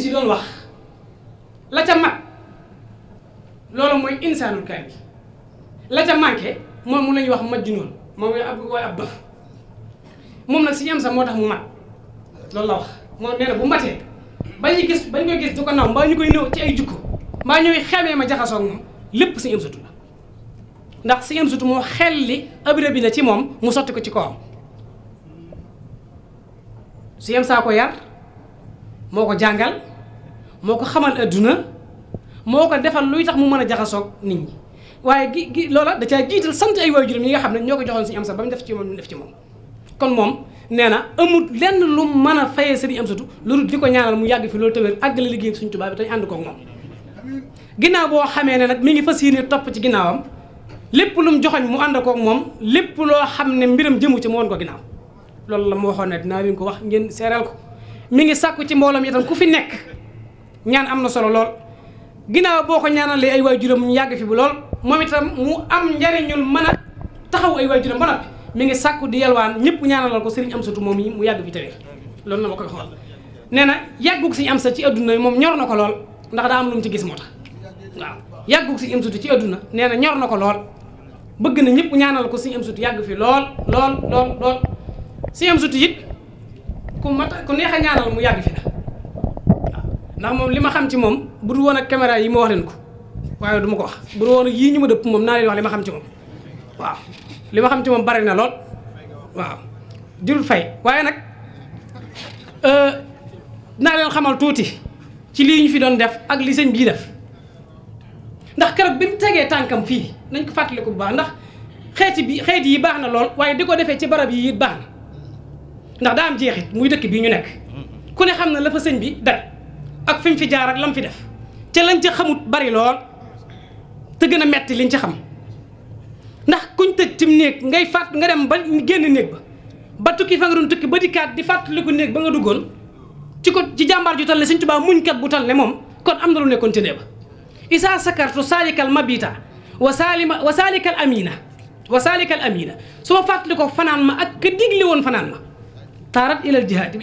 si doon wax la ca mat loolu mooy insaanul bi la ca manqué mooy mu la ñuy wax majjunoon moom ab wala ab dof moom nag si ñam sa moo tax mu mat loolu la wax moo nee na bu matee bañ ñu gis bañ ko gis du ko naw mbaa ñu koy nëw ci ay jukko mbaa ñooy xamee ma jaxasoo ak moom lépp si ñam sutu la ndax si am sutu moo xel li abira bi na ci moom mu sotti ko ci si ñam saa ko yar moo ko moo ko xamal adduna moo ko defal luy tax mu mën a jaxasoog nit ñi waaye gi gi loola da caa jiital sant ay waajuram yi nga xam ne ñoo ko joxoon si am sa ba mu def ci moom ñu def moom kon moom nee na amul lenn lu mën a fayee sëriñ am satu loolu di ko ñaanal mu yàgg fi loolu tawéer àggale liggéey suñ tubaab bi tañ ànd koog moom boo xamee ne nag mi ngi fas yéene topp ci ginnaawam lépp lu mu joxoñ mu ànd moom lépp loo xam ne mbiram jëmu ci mu woon ko ginnaaw loolu la mu waxoon ne dinaa leen ko wax ngeen seeral ko mi ngi sàkku ci mboolam mbooloom tam ku fi nekk ñaan am no solo lol ginaaw boko le ñaanalee ay wajuram ñu yag fi bu lol momitam mu am njariñul nyul mana taxaw ay wajuram ba nopi mi ngi sakku di yelwaan ñepp ñaanal ko serigne am satu momi mu yag fi tawee lol na mako xol neena am sa ci aduna mom ñor na lol ndax da am lu mu ci gis motax waaw yàggug am ci aduna neena na ñor nako lol bëgg na ñepp ñaanal ko serigne am satu yàgg fi lol lol lol lol serigne am satu it ku mata ku neexa ñaanal mu yag fi ndax moom li ma xam ci moom bu dul woon ak caméra yi ma wax leen ko waaye du ma ko wax bu dul woon ak yii ñu ma dëpp moom naa leen wax li ma xam ci moom waaw li ma xam ci moom bari na lool waaw fay waaye nag euh, naa leen xamal tuuti ci lii ñu fi doon def ak li sëñ bii def ndax keroog bi mu tegee tànkam fii nañ ko fàttaliku bu baax ndax xeeti bi xeeti yi baax na lool waaye di ko defee ci barab yi baax na ndax daa am jeexit muy dëkk bi ñu nekk ku ne xam na la fa sëñ bi daj ak fi mu fi jaar ak lam fi def ca lañ ca xamut bari lool te gën a metti liñ ci xam ndax kuñ tëj tim néeg ngay fàtt nga dem ba génn néeg ba ba tukki fa nga doon tukki ba dikkaat di fàttaliku néeg ba nga duggoon ci ko ci jàmbaar ju tal ne Sëñ Tuubaa muñkat bu tal ne moom kon am na lu nekkoon ci dee ba isaa sakartu saalikal mabita wa ma wa saalikal amina wa saalikal amina su ma fàttali ko fanaan ma ak ka digle woon fanaan ma taarat ilal jihaadi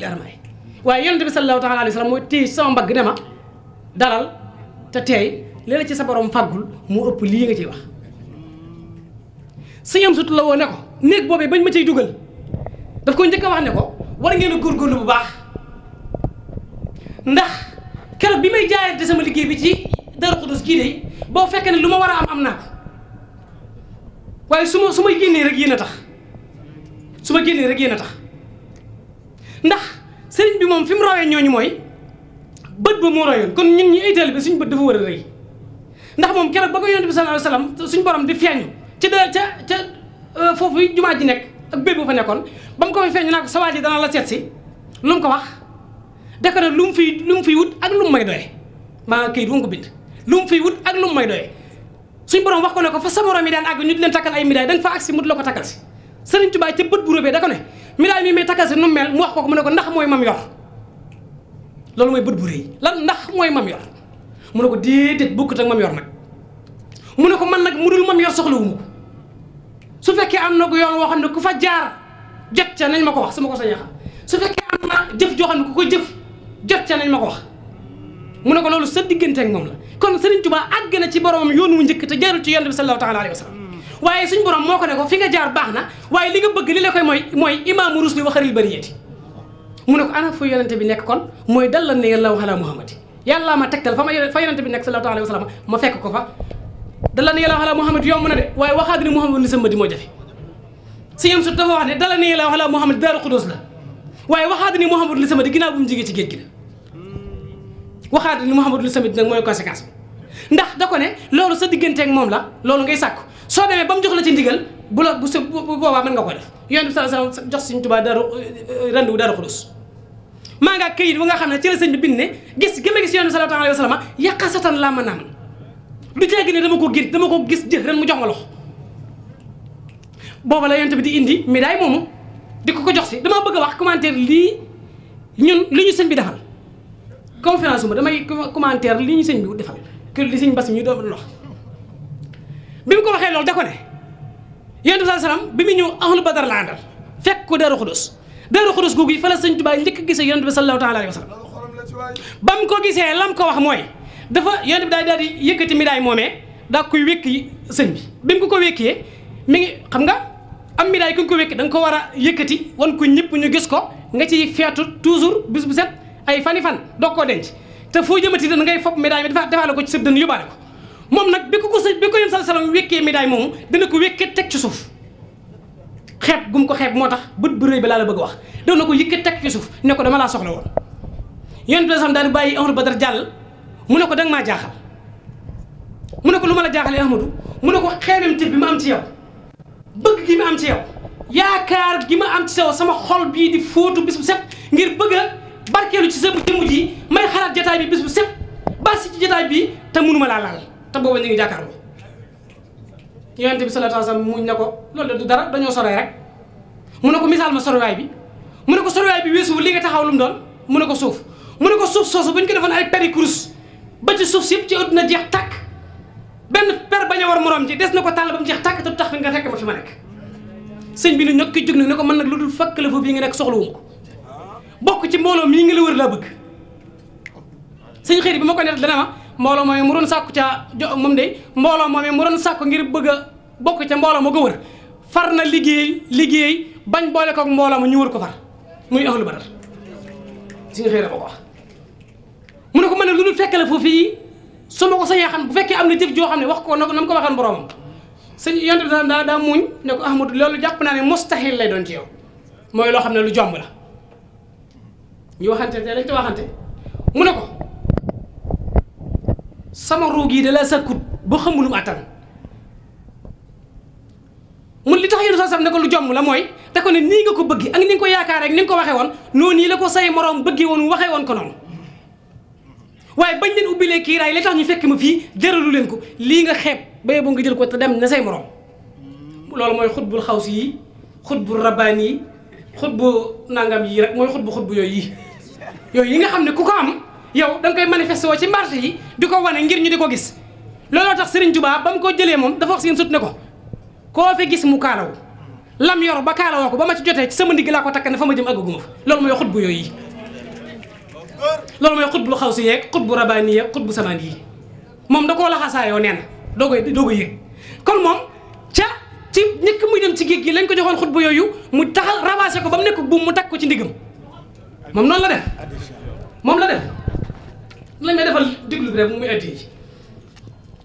waaye yonent bi sallallahu taala alayhi wa sallam mooy téye sama mbagg ne dalal te teey léeg ci sa borom fàggul mu ëpp lii nga ciy wax sëñ am sut la woo ne ko néeg boobee bañ ma ciy dugal daf ko njëkk a wax ne ko war ngeen a góorgóorlu bu baax ndax keroog bi may jaayante sama liggéey bi ci Daaru Xudus gii de boo fekkee ne lu ma war a am am naa ko waaye su ma su may génnee rek yéen a tax su ma génnee rek yéen a tax ndax sëriñ bi mom fim mu rawee ñooñu mooy bët ba moo kon ñun ñi ay bi suñu bët dafa wara a ndax mom keroog ba ko yonent bi sallallahu alayhi wasallam suñu borom di feeñu ci da ca ca euh, fofu juma ji nek ak bëb bu fa nekkon bam ko fa feeñu ko sa dana la seet si lu mu ko wax da ko ne lu mu fi lu mu wut ak lu mu may doy ma kay du ngi bind lu mu fiy wut ak lu mu may doy suñu borom wax ko ne ko fa sa borom daan ag ñu di leen takal ay médaille da fa aksi mu di la ko takkal si sëriñ Tuubaa bu rëbee da ko ne Miraay mii may takkal si nu mel mu wax ko mu ne ko ndax mooy mam yor loolu mooy bët bu rëy lan ndax mooy mam yor mu ne ko déedéet bokkut ak mam mu ne ko man nag mu dul mam yor soxlawuma ko su fekkee am na ko yoon woo xam ne ku fa jaar jot ca nañ ma ko wax su ma ko sañee su fekkee am na jëf joo xam ne ku ko jëf jot ca nañ ma ko wax mu ne ko loolu sa diggante moom la kon Serigne Touba àgg na ci boromam yoon mu njëkk te jaarul ci yonent bi sallallahu taala alayhi wa sallam waye suñ borom moko ne ko fi nga jaar baxna waye li nga bëgg li la koy mooy mooy imaamu rusli waxaril bariyati mu ne ko ana fu yonente bi nek kon moy dal la ne allahu ala muhammad yalla ma tektal fa ma fa yonente bi nek sallallahu alaihi wasallam ma fekk ko fa dal la ne allahu ala muhammad yom na de waye waxaat ni muhammad ni sama di mo jafe si yam sut dafa wax ne dal la ne allahu ala muhammad daru qudus la waye waxaat ni muhammad ni sama di ginnaaw bu mu jige ci geejgi gi la waxaat ni muhammad li sëmbadi nag mooy conséquence ndax da ko ne lolu sa ak mom la lolu ngay sàkku soo demee ba mu jox la ci ndigal bu la bu boobaa mën nga ko def yonent sa sallallahu alayhi wasallam jox Sëriñ Tuubaa daru euh, rendez-vous Daaru Xudoos maa ngaa këyit ba nga xam ne ci la bi bind ne gis gi ma gis yonent bi sallallahu alayhi wasallam yaqasatan laa dama ko gént dama ko gis jël ren mu jox ma loxo booba la yonent bi di indi daay moomu di ko ko jox si dama bëgg a wax commentaire lii ñun li ñu sëñ bi defal conférence uma damay commentaire li ñu sëñ bi defal kër li sëñ Bass mi ñu doon wax bi mu ko waxee loolu de ko ne yonent bi salaam bi mu ñëw ahlu badar la àndal fekk ko Daaru Xudus Daaru Xudus googu yi fa la sëñ Tuubaa njëkk gisee yonent bi sallallahu taala alayhi wa sallam ba mu ko gisee lam ko wax mooy dafa yonent bi daal daal di yëkkati midaay moomee daa koy yi sëñ bi bi mu ko ko wékkee mi ngi xam nga am midaay ku ñu ko wékki da ko war a yëkkati wan ko ñëpp ñu gis ko nga ciy feetu toujours bis bu set ay fani fan doog koo denc ko ci sëb dënn yóbbaale moom nag bi ko ko sëñ bi ko yéen sal salam wékkee médaille moomu dana ko wékkee teg ci suuf xeeb gum ko xeeb moo tax bët bu rëy bi laa la bëgg wax dana ko yëkkee teg ci suuf ne ko dama laa soxla woon yonent bi sam daal di bàyyi Ahmadu jàll mu ne ko danga maa jaaxal mu ne ko lu ma la jaaxalee Ahmadu mu ne ko xeemem tif bi ma am ci yow bëgg gi ma am ci yow yaakaar gi ma am ci yow sama xol bii di fóotu bis bu set ngir bëgg a barkeelu ci sa jëmm ji may xalaat jataay bi bis bu set basi ci jataay bi te mënuma laa laal te booba ñu ngi jàkkaarloo yonent bi sallallahu alayhi wa sallam muñ na ko loolu de du dara dañoo soree rek mu ne ko misaal ma soriwaay bi mu ne ko soriwaay bi weesuwu li nga taxaw lu mu doon mu ne ko suuf mu ne ko suuf soosu bu ñu ko defoon ay peri kurus ba ci suuf si yëpp ci àdduna jeex tàkk benn per bañ a war morom ji des na ko tàll ba mu jeex tàkk te du tax fi nga fekk ma fi ma nekk sëñ bi ne ñokki jóg nag ne ko mën nag lu dul fakk la foofu yi nga nekk soxlawuma ko bokk ci mbooloo mii nga la wër laa bëgg bi ma ko ne dana mbooloo moomee mu doon sàkku ca moom de mbooloo moomee mu doon sàkku ngir bëgg bokk ca mbooloo ma ko wër far na liggéey liggéey bañ boole kook mbooloo ma ñu wër ko far muy ahlu badar suñu xëy na mu ne ko mën ne lu dul fekk la foofu yi su ma ko sañee xam bu fekkee am na jëf joo xam ne wax ko na nam ko waxoon boromam sëñ yonte bi daa daa muñ ne ko ahmadu loolu jàpp naa ne mustahil lay doon ci yow mooy loo xam ne lu jomb la ñu waxante te dañ te waxante mu ne ko sama ruug yi dala sàkkut ba xamulum attan mun li tax yéen soo sam ne ko lu jomm la mooy te ko ne nii nga ko bëgg ak ni nga ko yaakaar ak ni nga ko waxee woon noonu yi la ko say moroom bëggee woon waxee woon ko noonu waaye bañ leen ubbilee kiiraay li tax ñu fekk ma fii jëralu leen ko lii nga xeeb ba bo nga jël ko te dem na say moroom loolu mooy xutbul xaws yi xutbul rabbaani yi xutbu nangam yi rek mooy xutbu xutbu yooyu yi yooyu yi nga xam ne ku ko am yow danga koy manifesté woo ci marché yi di ko wane ngir ñu di ko gis looloo tax Serigne Touba ba mu ko jëlee moom dafa wax seen sut ne ko koo fi gis mu kaalaw lam yor ba kaalawoo ko ba ma ci jotee ci sama ndigg ko takk ne fa ma jëm àggaguma fa loolu yooyu loolu mooy xutbu xaw si yeeg xutbu rabaani yeeg xutbu samaan yi moom da koo laxasaayoo nee na doo koy doo koy yëg kon ca ci ñëkk muy dem ci géej gi lañ ko joxoon xutbu yooyu mu taxal rabasé ko ba mu nekk buum mu takk ko ci ndiggam moom noonu la def moom la def lañ may defal diglu bi rek mu muy addi ci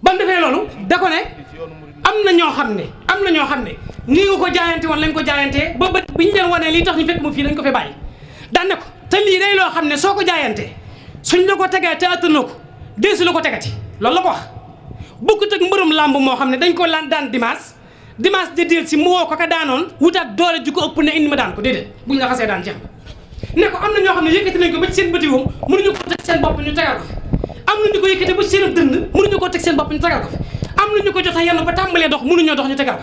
ba mu defee loolu da ko ne am na ñoo xam ne am na ñoo xam ne nii nga ko jaayante woon lañ ko jaayantee ba bët bi ñu leen wanee lii tax ñu fekk mu fii dañ ko fi bàyyi daan ko te lii day loo xam ne soo ko jaayantee suñ la ko tegee te attanoo ko deesu la ko tegati loolu la ko wax bukkut ak mbërum làmb moo xam ne dañ ko laan daan dimanche dimanche di del si mu woo ko ka daanoon wutaat doole ju ko ëpp ne indi ma daan ko bu buñ la xasee daan jeex ne ko am na ñoo xam nañ ko ba ci seen bëti woom mënuñu ko tek seen bop ñu tagal ko amna ñu ko yëkëti ba ci seen dënd mënuñu ko tek seen bop ñu tagal ko amna ñu ko jotax yalla ba tambalé dox mënuñoo dox ñu tagal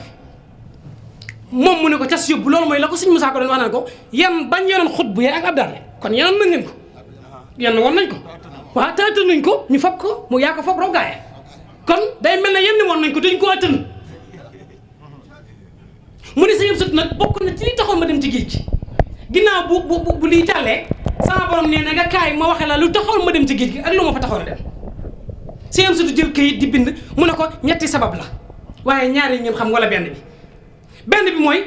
mom fi mu ne ko tass yobbu lool moy la ko suñ Moussa ko doon wanal ko yam bañ yoon khutbu ya ak abdal kon yam nañ leen ko yenn woon nañ ko wa taatan nañ ko ñu fop ko mu ya ko fop ro gaay kon day melni ne yenn won nañ ko duñ ko attan mu ne sa yëpp nak bokku na ci li taxoon ma dem ci geej gi ginnaaw bu bu bu lii jàllee sama borom nee na nga kaay ma waxe la lu taxoon ma dem ci géej gi ak lu ma fa taxoon a dem sëñ Amsatu jël këyit di bind mu ne ko ñetti sabab la waaye ñaari yi ngeen xam wala benn bi benn bi mooy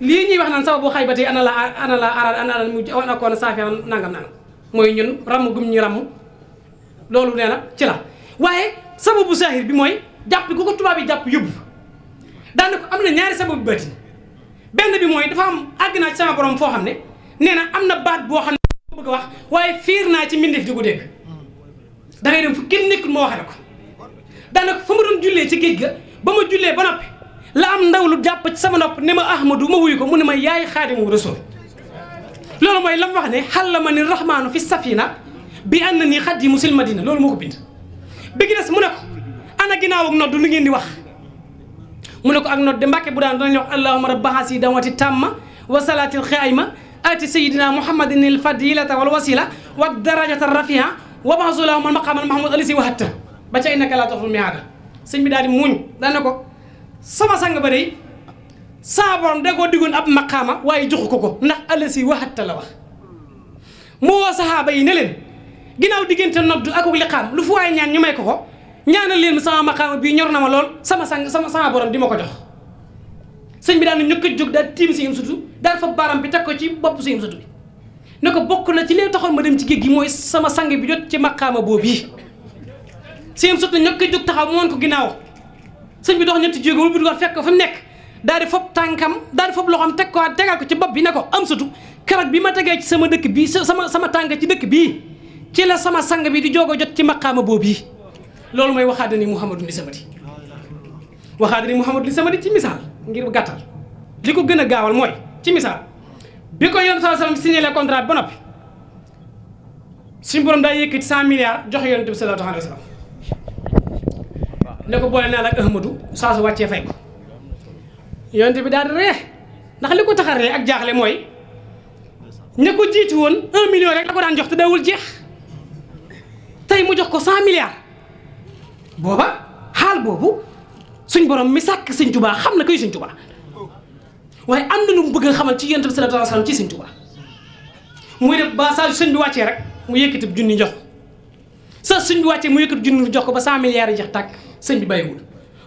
lii ñuy wax naan sababu xay ba tey ana la ana la aral ana la mu a akoon saafara nangam nangam mooy ñun ràmm gum ñu ràmm loolu nee na ci la waaye sababu saahir bi mooy jàpp ko ko tubaab yi jàpp yóbbu daanaka am na ñaari sababu baatin ben bi moy dafa am agna ci sama borom fo xamne neena amna baat bo xamne ko bëgg wax waye firna ci mindef di gudé da ngay dem fu kenn nek mo waxé la da nak fa ma doon jullee ci géej ga ba ma jullee ba nopi la am ndaw lu jàpp ci sama nopp ne ma ahmadu ma wuy ko mu ne ma yaay khadimu rasul lolu moy lam wax ne xàlla ma ni rahmaanu fi safina bi annani khadimu sil madina lolu moko bind bi gi dess mu nako ana ginaaw ak noddu lu ngeen di wax mu ne ko ak nodde mbàkke bu daan danañ wax allahuma rabba hasi dawati tamma wa salaatil xayma ati sayidina muhammadin il fadilata wal wasila wa darajata rafiha wa bahsulahum al maqamal mahmud alisi wa hatta ba ca innaka laa toxul miaada sëñ bi daal di muuñ daan na ko sama sang ba day saa borom da koo diggoon ab maqaama waaye joxu ko ko ndax alisi wa hatta la wax mu woo saxaaba yi ne leen ginnaaw diggante noddu ak liqaam lu fu waaye ñaan ñu may ko ko ñaanal leen sama maqaama bi ñor na ma lool sama sang sama sama borom di mako jox señ bi tim ñëkk juk da tim si yim sutu daal fa baram bi takko ci bop si yim sutu bi na ci leen taxon ma dem ci sama sang bi jot ci maqaama boobu si yim sutu ñëkk juk taxaw won ko ginaaw señ bi dox ñet jéego wul ko fekk fu nekk fop fob tànkam fop loxam fob loxoom ko tegal ko ci bop bi nako am sutu karat bi ma tege ci sama dekk bi sama sama tang ci dekk bi ci la sama sang bi di jogo jot ci bobi. loolu mooy waxaada ni Mouhamadou li samadi waxaada ni Mouhamadou samadi ci misaal ngir gàttal li ko gën a gaawal mooy ci misaal bi ko yonent saa ba noppi suñu borom daa yëkkati cent milliards joxe yonent ko boole naa la ak Ahmadou wàccee fay ko yonent bi daal di ree ndax li ko tax a ree ak jaaxle mooy ña ko jiitu woon un million rek la ko daan jox te dawul jeex tey mu jox ko cent booba xaal boobu suñ borom mi sàkk sëñ tubaa xam na koy sëñ tubaa waaye am na lu mu bëgg a xamal ci yonent bi sallallahu alayhi wasallam ci sëñ tubaa muy def ba saa sëñ bi wàccee rek mu yëkkati junni jox ko suñ sëñ bi wàccee mu yëkkati junni jox ko ba cent milliards yi tàkk sëñ bi bàyyiwul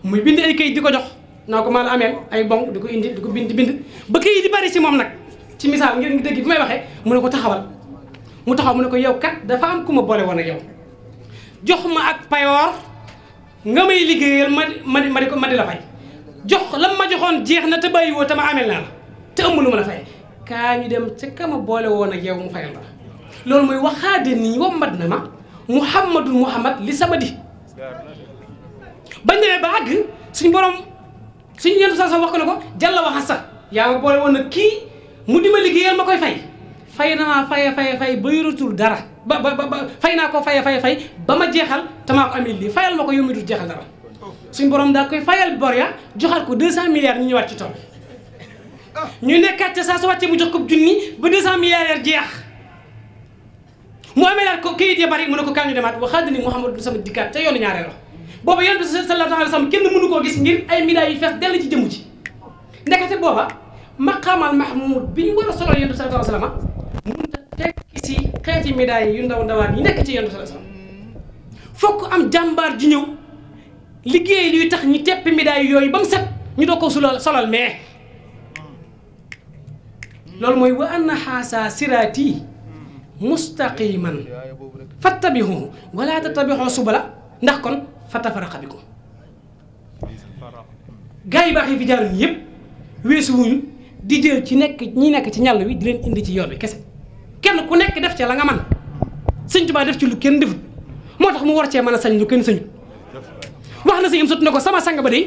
muy bind kayit di ko jox naa ko maanaam ameel ay bon di ko indi di ko bind bind ba kayit di bari si moom nag ci misaal ngeen ngi dégg bi may waxee mu ne ko taxawal mu taxaw mu ne ko yow kat dafa am ku ma boole woon ak yow jox ma ak payoor nga may liggéeyal ma ma ma di ko ma di la fay jox la ma joxoon jeex na te bàyyiwoo te ma amel naa la te ëmb lu ma la fay kaa ñu dem ca kama boole woon a yow mu fayal la loolu mooy waxaade nii wa mat na ma muhammadul muhammad li sama di bañ demee ba àgg suñ borom suñu yentu sa sa wax ko ne ko jàlla waxa sax yaa ma boole woon ak kii mu di ma liggéeyal ma koy fay fay na maa faye faye fay ba yoratul dara ba ba ba fay naa ko fay fay fay ba ma jeexal tamaa ko amee lii fayal ma ko yow mi dul jeexal dara suñ borom daa koy fayal bor ya joxal ko 200 milliards ñu ñëwaat ci tool ah. ñu nekkaat saa su wàccee mu jox ko junni ba 200 milliards jeex mu amee laat ko kayit ya bari mu ne ko kaa demaat waxaat ni Mouhamadou sama dikkaat ca yoonu ñaareel la booba yonent bi sallallahu alayhi wa sallam kenn mënu koo gis ngir ay midaay yu fees dell ci jëmu ci ndekete booba maqaamal mahmud bi ñu war a solal yonent bi tekki si xeeti médaille yu ndaw ndawaan yi nekk ci yenn sa la fokk am jàmbaar ji ñëw liggéey luy tax ñi teppi médaille yooyu ba mu set ñu doo ko sulal solal mais loolu mooy wa anna xaasa siraati mustaqiman fattabihu wala tattabihu subala ndax kon fatafaraqa bikum gars yi baax yi fi jaaruñu yëpp weesu di jël ci nekk ñi nekk ci ñàll wi di leen indi ci yoon wi kese kenn ku nek def ci la nga man seigne touba def ci lu kenn def motax mu war ci man sañ lu kenn waxna seigne sut nako sama sang ba day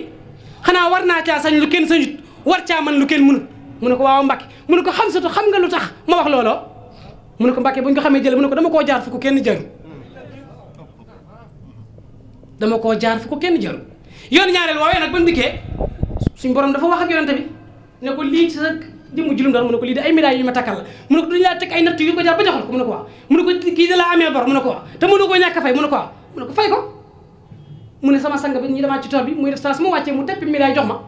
xana war naa caa sañ lu kenn sañut war ci man lu kenn mënut mu ko waaw mbacke mu ko xam satu xam nga lutax tax ma wax lolo mu ne ko Mbàkke bu ko xamee jël mu ne ko dama ko jaar fu ko kenn jaar dama ko jaar fu ko kenn jaar yoon ñaarel nak buñ suñ borom dafa wax ak bi ne ko li ci jëmm ji lu doon mu ne ko lii de ay médailles yu ma takkal la mu ne ko dañu laa teg ay natt yu ko jaar ba joxal ko mu ne ko waaw mu ne ko kii amee bor ne ko waaw te mënoo koo a fay ko waaw mu mu ne sama sang bi ñu demaat ci tool bi muy def su ma wàccee mu teppi médaille jox ma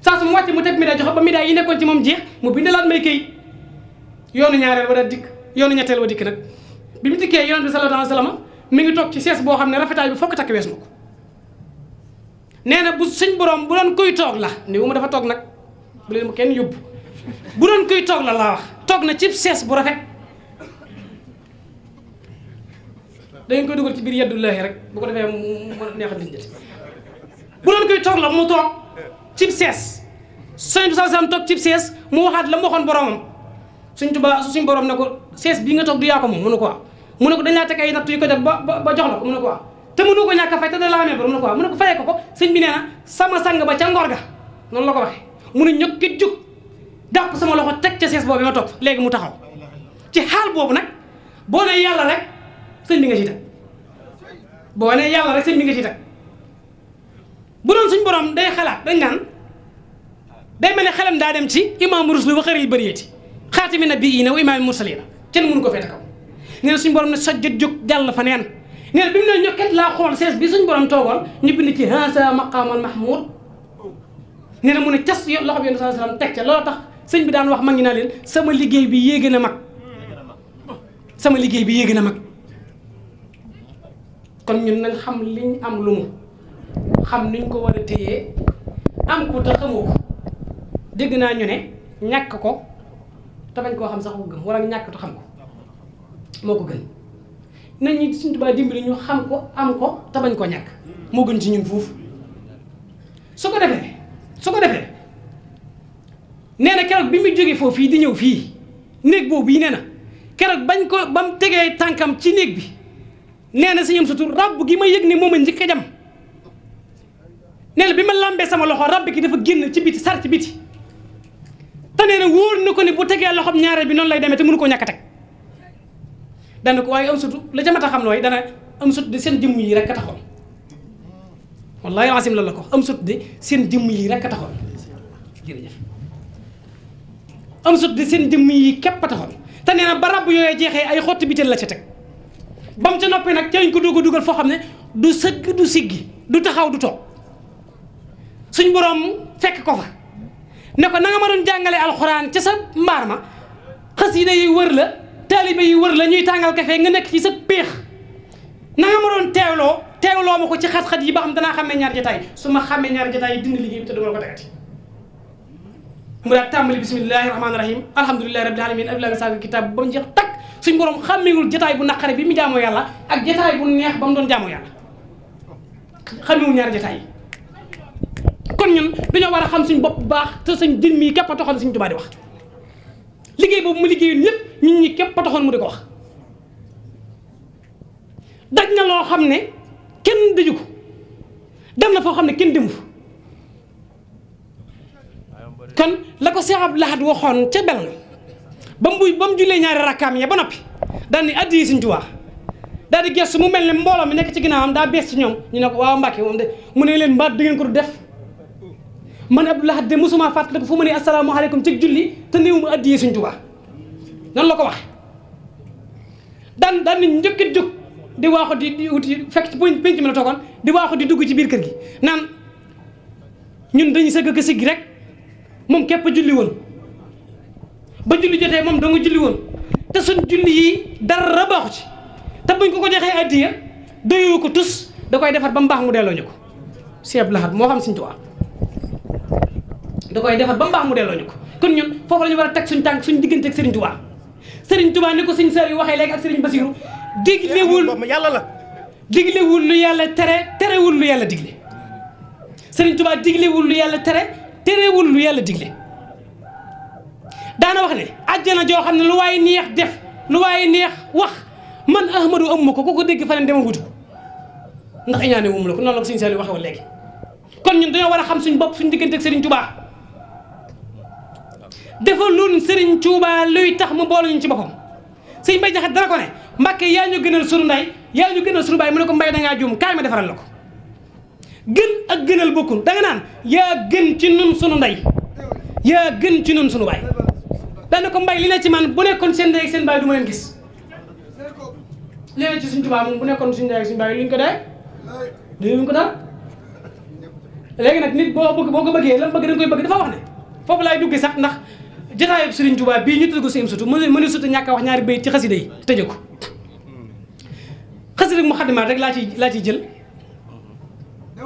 saa su ma mu teppi médaille jox ma ba médaille yi nekkoon ci moom jeex mu bindalaat may këy yoonu ñaareel wala dikk yoonu ñetteel wa dikk nag bi mu dikkee yonent bi sallallahu alayhi wa sallam mi ngi toog ci sees boo xam ne rafetaay bi fokk takk wees ma ko bu suñ borom bu doon koy toog la néew ma dafa toog nag bu leen mu kenn yóbbu bu doon koy tok la la wax tok na ci ses bu rafet dangeen koy duggal ci biir yeddullaahi rek bu ko defé mu neex a dinjati bu doon koy tok la mu tok ci ses sëñ bi saa tok ci ses mu waxat la mu xon boromam suñ tuba suñ borom nako ses bi nga tok du yaa mu ne ko mu ne ko dañ la teg ay natt yu ko def ba ba jox la ko mu ko te mu ko ñaka fay te da la amé borom nako mu ne ko ko ko sëñ bi neena na sama sang ba ca ngor ga non la ko waxee mu ne ñëkkit juk jàpp sama loxo teg ca sees boobu ma topp léegi mu taxaw ci xaal boobu nag boo nee yàlla rek sëñ bi nga ci teg boo nee yàlla rek sëñ bi nga ci teg bu doon suñ borom day xalaat dañ naan day mel ne xelam daa dem ci imaamu rusli wa xaril bariyeeti xaatimi nabiyyiina wa imaamil mursaliina kenn mënu ko fete kaw nee na suñ borom ne sojjat jóg jàll fa neen nee na bi mu ne ñokket laa xool sees bi suñ borom toogoon ñu bind ci haasa maqaamal mahmud nee na mu ne cas loxo bi yonent sallallahu alayhi wa sallam teg ca loolu tax sëñ bi daan wax mag ñi naa leen sama liggéey bi yéege na mag sama liggéey bi yéege na mag kon ñun nañ xam liñ am lu mu xam niñ ko war a téyee am ko te xamoo ko dégg naa ñu ne ñàkk ko te koo xam sax ko gën wala ñàkk te xam ko moo ko gën nañu suñ Tuubaa dimbali ñu xam ko am ko tabañ bañ koo ñàkk moo gën ci ñun foofu su ko defee su ko defee nee na keroog bi mu jógee foofu fii di ñëw fii néeg boobu yi nee na keroog bañ ko ba mu tegee tànkam ci néeg bi nee na sëñam sutur ràbb gi ma yëg ne moom a njëkk a jam bi ma làmbee sama loxo ràbb gi dafa génn ci biti sar ci biti te nee na wóor na ko ne bu tegee loxoom ñaaree bi noonu lay demee te mënu ko ñàkk a teg dana ko waaye am sutu la ca mat a xam nooy dana am sut de seen jëmm yi rek a taxoon wallaahi asim loolu la ko am sut de seen jëmm yi rek a am sut di seen jëmm yi képp a te nee na ba rab yooyu jeexee ay xotti bi biteel la ca teg ba mu ca noppi nag ca lañ ko dugg dugal foo xam ne du sëgg du siggi du taxaw du toog suñ boroom fekk ko fa ne ko na nga ma doon jàngale alxuraan ca sa mbaar ma xasida yi wër la taalibe yi wër la ñuy tàngal kafe nga nekk fii sa péex na nga ma doon teewloo teewloo ma ko ci xat-xat yi ba xam danaa xamee ñaar jotaay su ma xamee ñaar jotaay yi dindi liggéey bi mu daal tàmbali bismillahi rahmaani rahim alhamdulilahi rabbil alamin abilah misaal kitaab ba mu jeex takk suñ borom xàmmewul jataay bu naqare bi mu jaamoo yàlla ak jataay bu neex ba mu doon jaamoo yàlla xàmmewul ñaari jataay yi kon ñun dañoo war a xam suñ bopp bu baax te suñ jën mii képp a taxoon suñ Tuubaa di wax liggéey boobu mu liggéeyoon yëpp ñun ñi képp a taxoon mu di ko wax daj na loo xam ne kenn daju ko dem na foo xam ne kenn demu kon la ko Cheikh Abdou Lahad waxoon ca bel ba mu buy ba ñaari rakam ya ba noppi daal ni addi yi suñ dal di gess mu melni mbolo mi nek ci ginaam da bes ci ñom ñu ne waaw Mbàkke de mu ne len mbaat da ngeen ko du def man Abdou Lahad de musuma fàttali ko fu ma ne alaykum ci julli te néew mu addi yi suñ nan noonu la ko wax dan dan ni njëkk a di waxu di di wuti fek ci pénc mi la tokon di waxu di dugg ci bir kër gi nan ñun dañu sëgg ko siggi rek mom kep julli won ba julli jotey mom doo nga julli won te sun julli yi dara bax ci te buñ ko ko joxee addiya doyoo ko tous da koy defat ba mu mu delo ñuko ko seeb mo xam seigne touba da koy defat ba mu mu delo ñuko kon ñun fofu lañu wara war suñu tank suñu digënté ak seigne Touba seigne Touba ne ko seigne sœur yu waxe léegi ak seigne Basirou wul yalla la wul lu téré tere wul lu yalla digle Serigne Touba wul lu yalla tere terewul lu yàlla digle daana wax né aljana jo xamné lu way neex def lu way neex wax man ahmadu ummu ko ku ko dégg dem dama wutu ndax iñane wum la ko noonu la ko sëñ Saliou waxe kon ñun dañu wara xam suñu bop suñu digënté ak seigne Touba defal luñ seigne Touba luy tax mu bolu ñu ci bopam seigne Mbay dara ko né gënal nday gënal bay mu ne ko mbay nga joom kay ma defaral lako gën ak gënal bokkul da nga naan yaa gën ci nun sunu ndey yaa gën ci nun sunu baay dana ko mbay li ne ci man bu nekkoon seen ndey ak seen baay du ma leen gis li ne ci suñ tubaab moom bu nekkoon suñ ndey ak suñ baay luñ ko ko dal léegi nag boo bëgg boo ko bëggee la bëgg da nga koy bëgg dafa wax ne foofu laay dugg sax ndax jotaayub Serigne bii ñu tudd ko seen sutu mën mënu sutu ñàkk a wax ñaari béy ci xasida yi tëjee ko xasida mu xaddimaat rek laa ciy laa ciy jël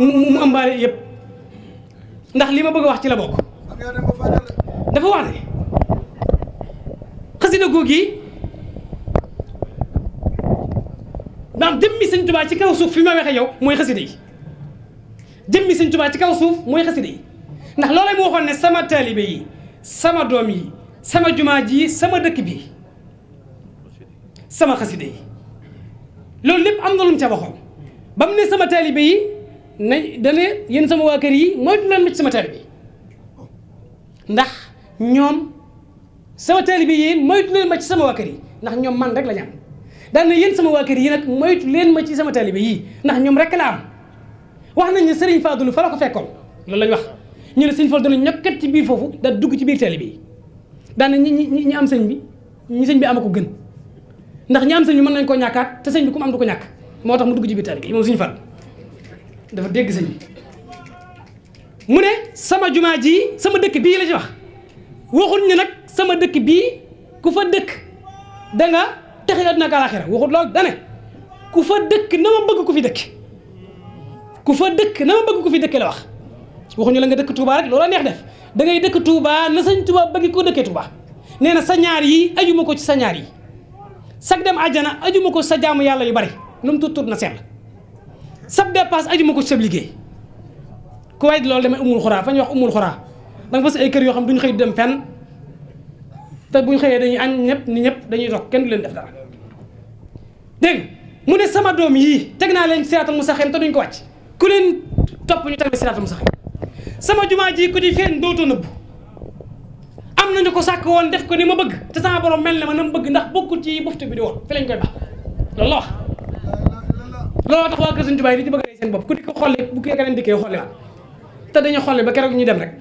mu mu ëmbaale yëpp ndax li ma bëgg a wax ci la bokk dafa wax ne xasida googu yi maanaam jëmmi sëñ tubaa ci kaw suuf fi ma waxee yow mooy xasida yi jëmmi sëñ tubaa ci kaw suuf mooy xasida yi ndax loolay mu waxoon ne sama taalibe yi sama doom yi sama jumaa ji sama dëkk bi sama xasida yi loolu lépp am na lu mu ca waxoon ba mu ne sama taalibe yi nañ dane yéen sama waa kër yi mooy du leen ma ci sama taalibe bi ndax ñoom sama taalibe bi yéen moytu leen ma ci sama waa yi ndax ñoom man rek la am daan na yéen sama waa kër yi nag moytu leen ma ci sama taalibe yi ndax ñoom rek la am wax nañ ne Serigne Fadulu fa la ko fekkoon loolu la ñu wax ñu ne Serigne Fadulu ñokkat ci biir foofu da dugg ci biir taalibe yi daan na ñi ñi ñi am sëñ bi ñi sëñ bi ama ko gën ndax ñi am sëñ bi mën nañ koo ñàkkaat te sëñ bi ku ñàkk moo tax mu dugg ci biir yi moom Serigne Fadulu dafa dégg sëñ mu ne sama jumaa ji sama dëkk bii la ci wax waxul ne nag sama dëkk bii ku fa dëkk da nga texe àddina ak àlaxira waxul loolu dane ku fa dëkk na ma bëgg ku fi dëkk ku fa dëkk na ma bëgg ku fi dëkkee la wax waxuñu la nga dëkk Touba rek loola neex def da ngay dëkk Touba na sëñ Touba bëgg ko dëkkee Touba nee na sa ñaar yi ajuma ko ci sa ñaar yi sag dem àjjana ajuma ko sa jàmm yàlla yu bari lu mu tuut tuut na sell sab dépasse aju ma ko ci sab liggéey ku way loolu damay umul xoraa fa ñu wax umul xoraa da nga fas ay kër yoo xam duñ xëy dem fenn te buñ xëyee dañuy añ ñëpp ni ñëpp dañuy dox kenn du leen def dara dégg mu ne sama doom yii teg naa leen siraatal mustaqiim te duñ ko wàcc ku leen topp ñu teg la siraatal mustaqiim sama jumaa ji ku ci fenn dootoo nëbbu am nañu ko sàkk woon def ko ni ma bëgg te sama borom mel ne ma na ma bëgg ndax bokkul ci buftu bi di woon fi lañ koy baax looloo tax waa kër Sëñ Tuubaa yi di ci bëgg a seen bopp ku di ko xolle bu kee keneen dikkee xolle waat te dañu xolle ba keroog ñu dem rek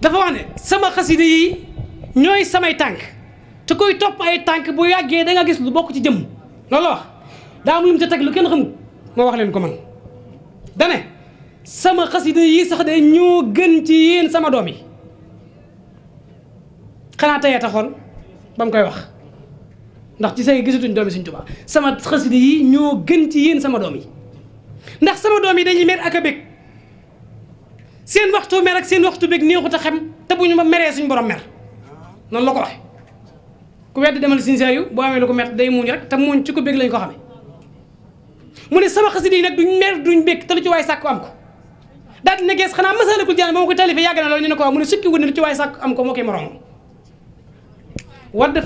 dafa wax ne sama xasida yi ñooy samay tànk te koy topp ay tànk bu yàggee da nga gis lu bokk ci jëm loolu wax daa am lu mu ca teg lu kenn xamul moo wax leen ko man dane sama xasida yi sax de ñoo gën ci yéen sama doom yi xanaa tayee taxoon ba mu koy wax ndax ci say doom doomi Sëriñ Tuubaa sama xasida yi ñoo gën ci yéen sama doom yi ndax sama doom yi dañuy mer ak a bég seen waxtu mer ak seen waxtu bég neexut a xam te bu ñu ma meree suñ borom mer noonu la ko waxe ku wedd demal Sëriñ Saliou boo amee lu ko mett day muuñ rek te muuñ ci ko bég lañ ko xamee mu ne sama xasida yi nag duñ mer duñ bég te lu ci waay sàkku am ko daal dina gees xanaa masalikul jaan ba ma ko talifee yàgg na loolu ñu ne ko mu ne sukki wënde am ko moo koy moroom wadd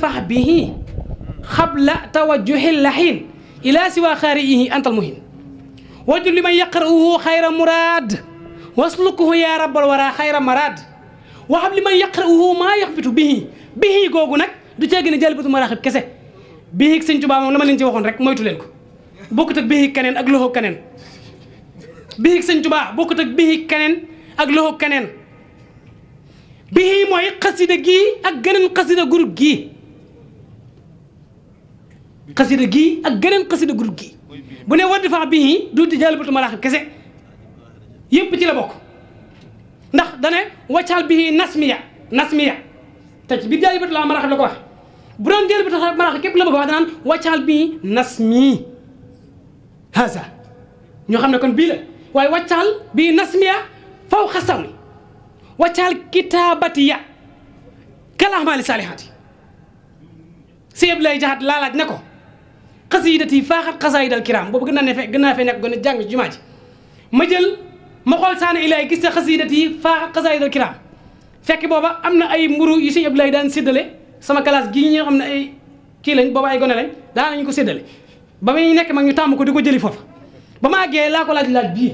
قبل توجه اللحين إلى سوى خارجه أنت المهم وجل لمن يقرأه خير مراد واسلكه يا رب الورى خير مراد وهب لمن يقرأه ما يخبط به به googu nag du ceegi ne jalbatu maraaxib kese biig sëñ Tuubaa moom la ma leen ci waxoon rek moytu leen ko bokkut ak biig keneen ak loxo keneen biig sëñ Tuubaa bokkut ak biig keneen ak loxo keneen biig mooy xasida gii ak geneen xasida groupe gii قصيدة جي أجرن قصيدة غرقي بني ورد فابيه دوت جالب تمارح كذا يبتي لبوك نح دنا وشال به نسمية نسمية تج بدي جالب تمارح لقوا بران جالب تمارح كيف لبوك هذا نان وشال به نسمي هذا نحن نكون بيل واي وشال به نسمية فو خسامي وشال كتابتيا كلام مال سالي هذي سيب لا يجهد لا لا نكو xasiidati faaxat xasaayidal kiraam boobu gën naa ne fe gën naa fee nekk gën a jàng jumaa ji ma jël ma xool saana ilaay gis sa xasiidati faaxat xasaayidal kiraam fekk booba am na ay mburu yu sëñ lay daan séddale sama classe gii ñi ñoo xam ne ay kii lañ booba ay gone lañ daan nañu ko séddale ba muy nekk mag ñu tàmm ko di ko jëli foofu ba ma àggee laa ko laa laaj laaj bii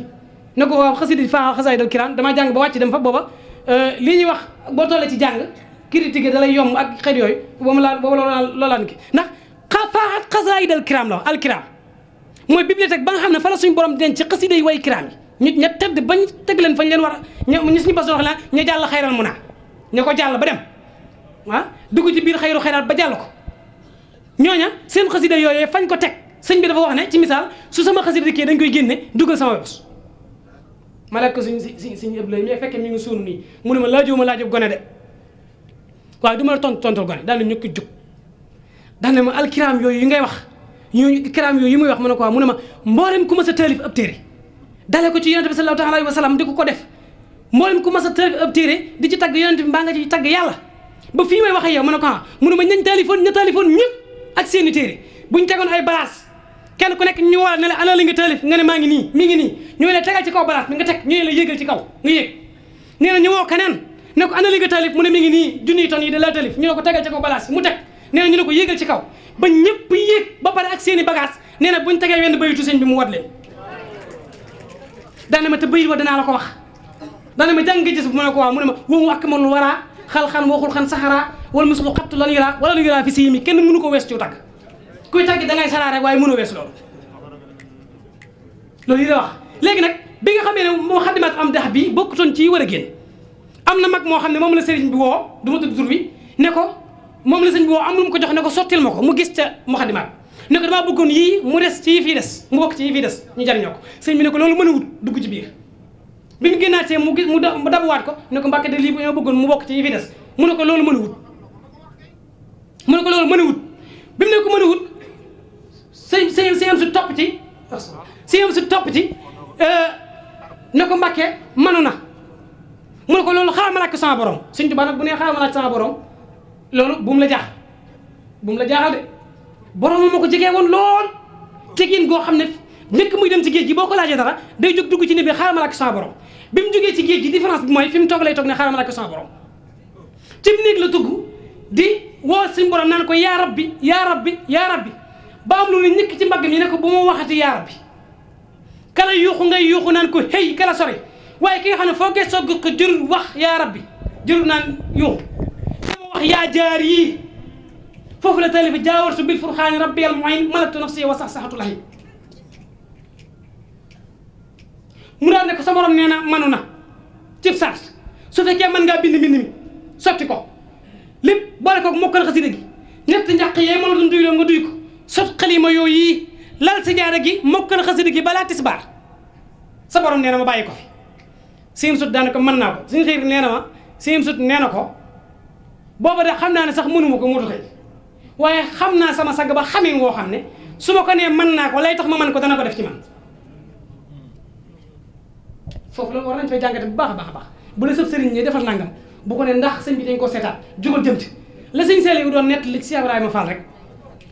ne ko waaw xasiidati faaxat xasaayidal kiraam damaa jàng ba wàcc dem fa booba euh, li ñuy wax boo tollee ci jàng critique da lay yomb ak xeet yooyu boobu laa boobu loolaan ki ndax قفعت قصائد الكرام له الكرام موي بيبليتك بان خامنا فلا سوني بوروم دين سي قصيده واي كرامي نيت نيت تاد بان تغلن فان لين ورا ني سني باس وخلا ني جال خير المنى نيكو جال با دم ها دوجو تي بير خير خيرات با جالكو ньо ญ ا سين قصيده يوي فان كو تك سيغ بي دا واخني سي مثال سو سما كي دنجوي ген دوجو سما مالك سين سين سين ابلاي مي فك ميغي سونو ني لاجو ما لاجو غوني دا وا دوما تونت تونتو غوني ndax ne ma alkiraam yooyu yi ngay wax ñooñu kiraam yooyu yi muy wax mu ne ko waaw mu ne ma mboolem ku a taalif ab ko ci yonente bi sallallahu alayhi wa sallam di ko ko def mboolem ku mas a di ci tagg yonente bi mbaa nga ci tagg yàlla ba fii may wax ak yow mu ne ko ah ay balaas kenn ku nekk ñu war ne la ne maa ngi nii mi ngi nii ñu la tegal ci kaw balaas mi nga teg ñu la yégal ko ana li nga taalif yi da laa ñu ne ko tegal ci kaw balaas mu teg nee ñu ne ko yéegal ci kaw ba ñëpp yéeg ba pare ak seen i bagage nee na buñ tegee wenn bayitu sëñ bi mu wat leen daana ma te bayit wa danaa la ko wax daana ma jàng nga gis bu ma ne ko waaw mu ne ma woomu ak man lu waraa xal-xan waxul xan saxaraa wala musulu xattu lan wala lan yuraa fi si kenn mënu ko wees ci tagg kuy tagg da ngay saraa rek waaye mënoo wees loolu loolu yi la wax léegi nag bi nga xamee ne moo xadimaat am dex bi bokkutoon ci war a génn am na mag moo xam ne moom la sëriñ bi woo du ma tudd tur bi ne ko moom la sëñ bi woo am lu mu ko jox ne ko sottil ma ko mu gis ca muxadimaat ne ko damaa bëggoon yii mu des ci yi fii des mu bokk ci yi fii des ñu jariñoo ko sëñ bi ne ko loolu mën a wut ci bi mu génnaatee mu gis mu dabuwaat ko ne ko mbàkke de lii ñoo bëggoon mu bokk ci yi fii loolu mën a wut ko loolu mën a wut bi mu ne ko mën a wut sëñ sëñ sëñam su topp ci sëñam su topp ci euh, ne na mu ne ko loolu xaaral ma laaj ko sama borom sëñ Tuubaa nag bu nee xaaral ma laaj sama borom loolu bu la jaax bu mu la jaaxal de boromam ma ko jegee woon lool tegin goo xam ne njëkk muy dem ci géej gi boo ko laajee dara day jóg dugg ci ne bi xaaral ma laaj ko sama bi mu jógee ci géej gi différence bi mooy fi mu toog lay toog ne xaaral ma laaj ko sama borom ci néeg la tugg di woo suñu ko yaa rabbi yaa rabbi yaa rabbi ba am lu ne ñëkk ci mbagg mi ne ko bu ma waxati yaa rabbi kala yuuxu ngay yuuxu naan ko hey kala sori waaye ki nga xam ne foo gee soog ko jërul wax yaa rabbi jërul naan yuuxu يا جاري فوف لا تالف جاورت بالفرخان ربي المعين ملكت نفسي وصحصحة لهي mu daal ne ko sa morom nee na manu na cib saas su fekkee mën ngaa bind mbind mi sotti ko lépp boole ko mokkal xasida gi ñett njaq yee mën a dun duyloo nga duy ko sot xalima yooyu lal si jaara gi mokkal xasida gi balaa tisbaar sa borom nee na ma bàyyi ko fi seen sut daane ko mën naa ko suñ xëyri nee na ma seen sut nee na ko booba de xam naa ne sax mënuma ko mutu tey waaye xam naa sama sag ba xamin woo xam ne su ma ko nee mën naa ko lay tax ma mën ko dana ko def ci man foofu loolu war nañ fay jàngate bu baax a baax a baax bu la sëb sëriñ ne defal nangam bu ko ne ndax sëñ bi dañ koo seetaat jógal jëm ci la sëñ Saliou doon nett li si Ibrahima Fall rek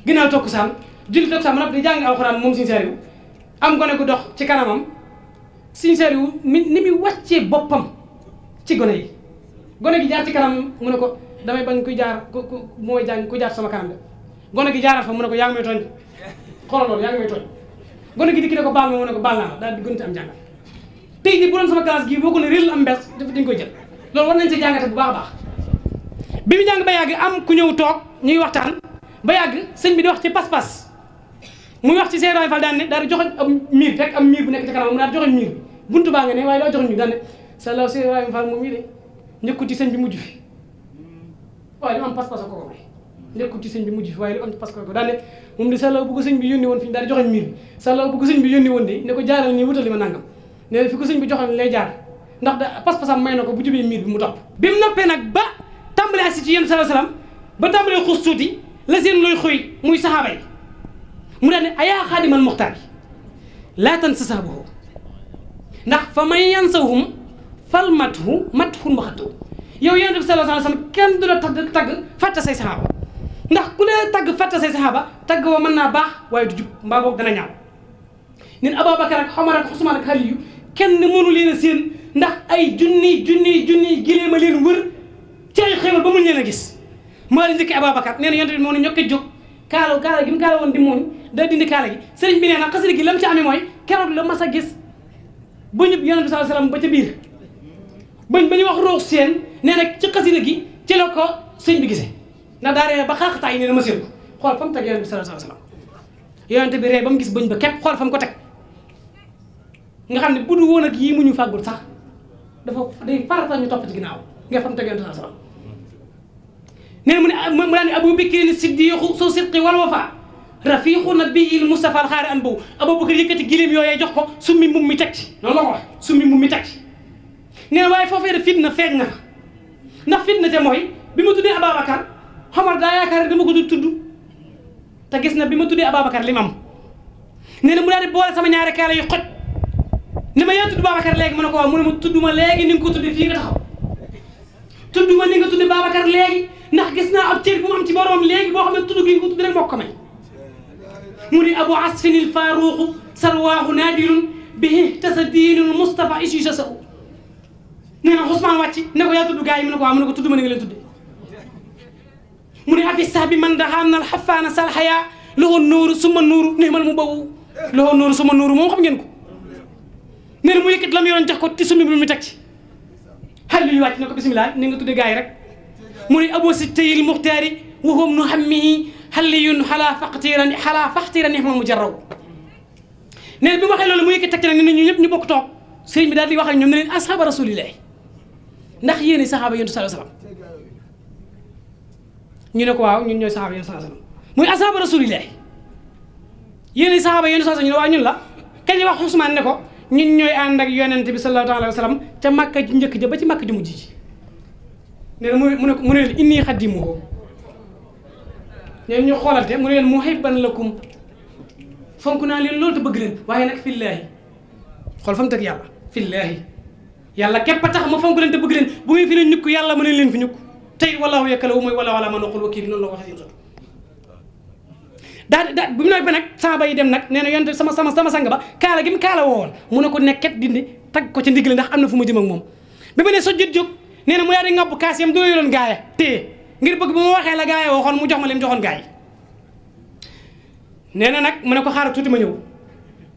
ginnaaw tokku saam julli tokku saam rab di jàng alxuraan moom sëñ Saliou am gone ko dox ci kanamam sëñ Saliou mi ni muy wàccee boppam ci gone yi gone gi jaar ci kanam mu ne ko damay bañ ku jaar ku ku mooy jàng ku jaar sama kanam de gone gi jaaral fa mu ne ko yaa ngi may tooñ xoolal loolu yaa ngi may tooñ gone gi dikki ne ko baal ma mu ne ko baal daal di gënte am jàngal tey jii bu doon sama gii boo ko ne réel am mbees dafa dañ koy jël loolu war nañ ci bu baax baax bi mu jàng ba yàgg ku ñëw toog ñuy waxtaan ba yàgg sëñ bi di wax ci pas-pas muy wax ci seeroy fal daan ne daal di am miir fekk am miir bu nekk ci kanam mu daal di joxoñ miir buntu baa nga ne waaye daa joxoñ miir daan ne sa law seeroy moom mii de njëkku ci sëñ bi mujj fi waaye lu am pas-pas ko ko may nekkul ci sëñ bi mujj fi waaye lu am pas-pas ko daan ne moom de sàllaw bu ko sëñ bi yónni woon fi ñu daal di joxañ miir bi sàllaw bu ko sëñ bi yónni woon de ne ko jaaral nii wutal ma nangam nee na fi ko sëñ bi joxoon lay jaar ndax da pas-pasam may na ko bu jubee miir bi mu topp bi mu noppee nag ba tàmbalee assi ci yéen sala salaam ba tàmbalee xuus tuuti la seen looy xoy muy saxaaba yi mu daal ne ayaa xaadimal muxtaar yi laa tan sa saabuhu ndax fa may yansawhum fal mathu matxun waxatu yow yonent bi sallallahu alayhi wa sallam kenn du la tagg tagg fàtte say saxaaba ndax ku la tagg fàtte say saxaaba tagg wa mën naa baax waaye du jub mbaa boog dana ñaaw nen Abubakar ak Omar ak Usmaan ak Aliyu kenn mënu leen a séen ndax ay junniy junniy junniy gileema leen wër ci ay xewal ba mun leen a gis maa leen njëkk Abubakar nee na yonent bi moo ne ñokki jóg kaala kaala gi mu kaala woon di mooñ da dindi kaala gi sëriñ bi nee na xasida gi lam ci amee mooy keroog la mas a gis ba ñëpp yonent bi sallallahu alayhi wa sallam ba ca biir bañ ba ñu wax roog seen nenek na ci xasida gi ci la ko sëñ bi gisee ndax daa ree ba xaaxataay nee na ma séen ko xool fa mu teg yonent bi sallallahu alayhi wa sallam yonent bi ree ba mu gis bëñ ba képp xool fa mu ko teg nga xam ne bu dul woon ak yii mu ñu fàggul sax dafa day farata ñu topp ci ginnaaw nga fa mu teg yonent bi sallallahu nee na Abu Bakar siddiqu soo sidqi wal wafa rafiqu nabiyil Mustafa alxaari an boobu Abubakar yëkkati gileem yooyee jox ko summi mum mi teg ci loolu la ko نفيد نجموي بمتودي أبا بكر همار دايا كار دمو كدو تدو تجس نبي متودي أبا بكر لمام نلم ولا ربوا سما نيار كار يقط نما يتو أبا بكر ليك منو كوا مول متودو ما ليك نينكو تودي فيك ده تودو ما نينكو تودي أبا بكر ليك نحجس نا أبتير بمام تبارم ليك بوه من تودو جينكو تودي المكمة مولى أبو عصفين الفاروق سرواه نادر به تسدين المصطفى إيش جسوا nee na Ousmane wàcc ne ko yaa tudd gars yi mu ne ko waaw mu ne ko tudd ma ne nga leen tudde mu ne afi sax bi man daxaam nal xafaana salxaya loxo nuuru suma nuuru néemal mu boobu loxo nuuru suma nuuru moom xam ngeen ko nee na mu yëkkat la mu yoroon jox ko ti sumbi bi mu teg ci xal luy wàcc ne ko bisimilah ni nga tudde gars yi rek mu ne abo si tayil muxtaari waxoom nu xammihi xalli yun xalaa faxtiran xalaa faxtiran ixmal mu jarraw nee na bi mu waxee loolu mu yëkkat teg ci nag ne ñu ñëpp ñu bokk toog sëriñ bi daal di wax ak ñoom ne leen asxaaba rasulillah ndax yéene saxaaba yonent sallallahu alayhi wa sallam ñu ne ko waaw ñun ñooy saxaaba yonent sallallahu alayhi wa sallam muy asaaba rasulillah yéene saxaaba yonent sallallahu alayhi wa sallam ñu ne waa ñun la kañ wax Ousmane ne ko ñun ñooy ànd ak yonent bi sallallahu alayhi wa sallam ca màkka ji njëkk ja ba ci màkka ji mujj ji nee na mu ne mu ne leen inni xaddimuhu ñoom ñu xoolante mu ne leen muhibban lakum fonk naa leen loolu te bëgg leen waaye nag fillaahi xool fa mu teg yàlla fillaahi yalla kepp tax ma fonk leen te bëgg leen bu ngeen fi ne ñukk yalla mën na leen fi ñukk tay wallahu yakalu moy wala wala man aqul wakil noonu la ko waxee dal bu mu ba nak sa bay dem nak neena yonte sama sama sama sang ba kala gi mu kaala woon mu ne ko nekket dindi tag ko ci ndigale ndax amna na fu ma jëm ak mom bima ne sojjat jóg nee na mu yaa ngab kaas yam do yoron gaaya te ngir bëgg bu ma waxe la gaaya waxon mu jox ma lim joxon gaay neena nak mu ne ko ma ñew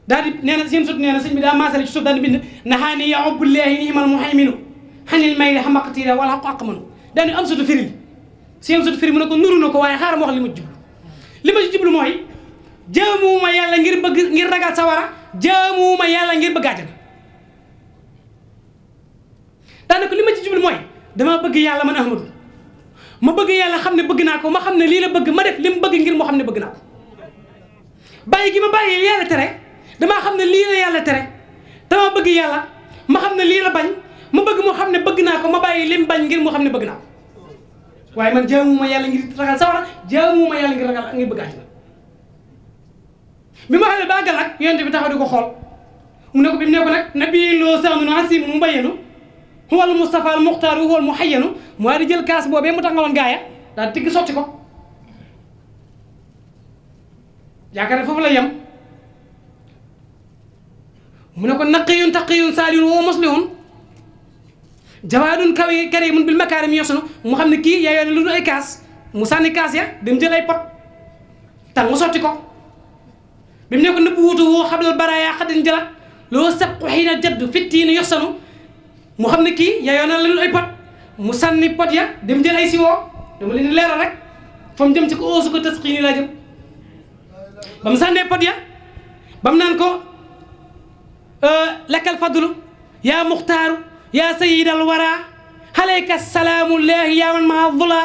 daal di nee na seen sut nee na sëñ bi daa maasale ci suuf daal di bind naxaani ya obbullahi niimal muhayminu xanil may li xamaqatira wala xaq manu daal di am sutu firil seen sut firil mu ne ko nuru na ko waaye xaaral ma wax li ma jublu li ma ci jublu mooy jaamuwuma yàlla ngir bëgg ngir ragal sawara jaamuwuma yàlla ngir bëgg àjjana daanaka li ma ci jublu mooy damaa bëgg yàlla man ahmadu ma bëgg yàlla xam ne bëgg naa ko ma xam ne lii la bëgg ma def li mu bëgg ngir moo xam ne bëgg naa ko bàyyi gi ma bàyyi yàlla tere dama xamne li la yalla tere dama bëgg yalla ma xamne li la bañ mu bëgg mu xamne bëgg na ko ma bayyi lim bañ ngir mu xamne bëgg na ko waaye man jaamuma yalla ngir ragal sawara jaamuma yalla ngir ragal ngir bëggati bi ma xam baagal ak yonte bi taxaw diko xol mu ne ko bi ne ko nak nabi lo saxnu nasim mu huwal mustafa al muxtaar huwal muhayyan xayyanu mu di jël kaas bobé mu taxawaloon gaaya da tigg soti ko yakare fofu la yam منك نقي تقي سالم ومسلم جواد كريم بالمكارم يصنع محمد كي يا لولو اي كاس موسى نكاس يا دم جلاي بوت تان وصوتيكو بيم نيكو نبوتو حبل البرايا خد نجلا لو سق حين جد فتين يصنع محمد كي يا لولو اي بوت موسى ني بوت يا دم جلاي سيو دم لين ليرا رك فم جيم سي كو اوسكو تسقيني لا جيم بام ساندي بوت يا بام نانكو أه، لك الفضل يا مختار يا سيد الورى عليك السلام الله يا من مع الظلا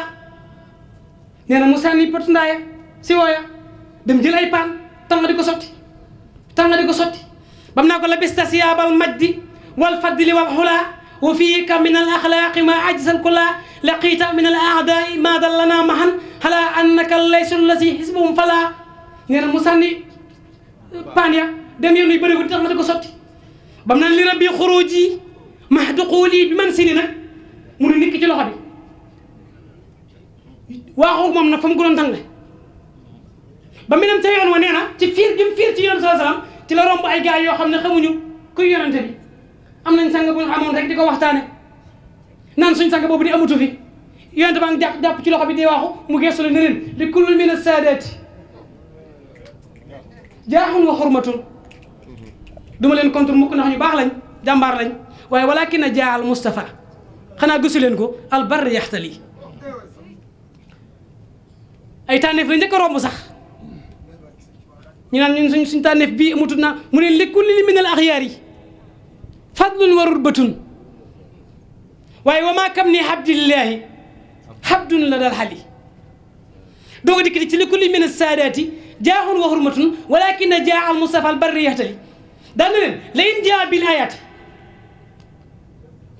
نانا موسى ني بوت ندايا سيوايا دم جيل اي بان تانغا ديكو سوتي تانغا ديكو سوتي بام ناكو لبست ثياب المجد والفضل والحلا وفيك من الاخلاق ما عجز الكلا لقيت من الاعداء ما ضلنا محن هلا انك ليس الذي حزبهم فلا نانا موسى ني بانيا دم يوني بريغو تانغا ديكو سوتي بمن اللي ربي خروجي ما حد قولي بمن سننا من اللي كتير لغبي واقوم من نفهم قلنا دعنا بمن امتى يعنى وانا تفير جم فير تيجي نمسا زلم تلا رام باي جاي يوم خمن خمونيو كي يعنى تبي ام الانسان قبل امون ركدي كوه تانى نان سوين سانك بوبني امو تفي يعنى تبان دا دا بتشي لغبي دي واقو مغير سلنرين لكل من السادات جاهم وحرمتهم duma len contre mukk nañu bax lañ jambar lañ waye walakin jaal Mustafa xana gusulen ko al bar yahtali ay tanef lañ njëkk rombu sax ñu nan ñun suñu suñ tànneef bii amutut naa mu ne li min al akhyari fadlun wa rubatun waye wa maa kam ni habdun la dal hali dogo dikk ci li min al sadati jaahun wa hurmatun walakin a jaa al Mustafa al bar yahtali دانين لانديا بالايات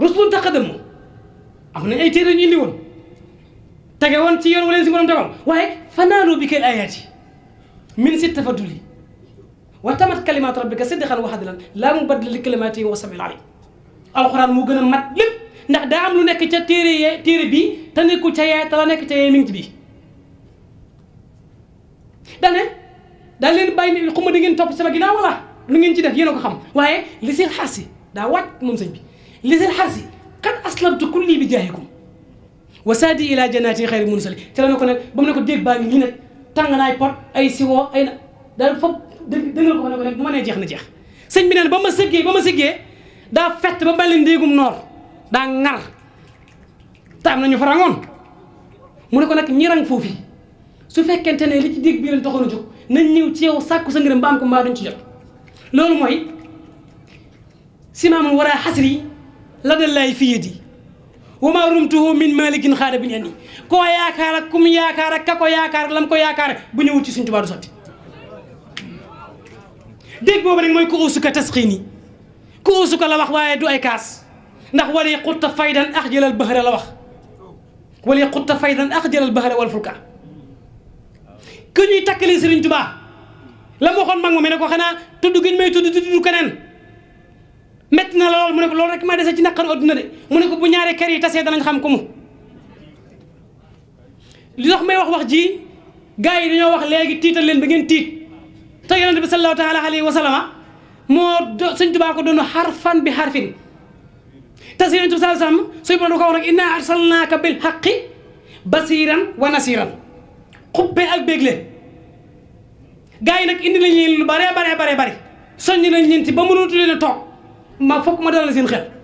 رسول تقدموا اهنا ايتيرن يلي وون تاغيوان تي يون ولين سيغون تاغام واي فنانو بك الايات من ست تفضلي وتمت كلمات ربك صدقا وحدا لا مبدل لكلماته وسمع العلي القران مو غنا مات لب ناخ دا ام لو نيك تي تيري تيري بي تانيكو تي ايات لا نيك تي مينت بي دانين دالين باين خوما ديغين توب سما غيناولا lu ngeen ci def yéen ko xam waye li seen xarsi da wat mom sëñ bi li seen xarsi qad aslamtu kulli bi jahikum wa saadi ila jannati khairul munsali te la na ko nag ba mu ne ko déeg baa ngi nii nag tàng naay pot ay siwo ay na daal fop dëngal ko ne ko nag bu ma jeex na jeex sëñ bi neen ba ma sëggee ba ma sëggee daa fett ba balen degum nor da ngar tam nañu farangon mu ne ko nak ñi rang fofi su fekente ne li ci deg bi lan taxoon a nañ ñëw ci yow sàkku sa ngërëm ba am ko ma duñ ci jot لول موي سمام وراء حسري لا الله في يدي وما رمته من مالك خار بن يني كو ياكار كوم ياكار كاكو ياكار لام كو ياكار بو نيوت سي سنتو بارو سوتي ديك بوب نك موي كو اوسو كتسخيني كو اوسو كلا واخ واي دو اي كاس ناخ ولي قط فايدا اخجل البحر لا واخ ولي قط فايدا اخجل البحر والفلكا كني تاكلي سيرن توبا la mu waxoon mag ma mi ne ko xanaa tudd giñ may tudd di tudd keneen métti na la lool mu ne ko loolu rek ma dese ci naqaru adduna de mu ne ko bu ñaari ker yi tasee danañ xam ko li tax may wax wax ji gars yi dañoo wax léegi tiital leen ba ngeen tiit te yonent bi sallallahu taala alayhi wa sallama moo sëñ bi xarfin te si yonent bi sallallahu alayhi wa sallam suñu borom da ko wax nag naa arsalnaaka bil haqqi basiran wa nasiran xubbee ak bégle gaa yi nag indi nañ leen lu baree baree baree bëri soññ nañ leen ci ba mënatu leen a toog ma fokk ma dalal seen xel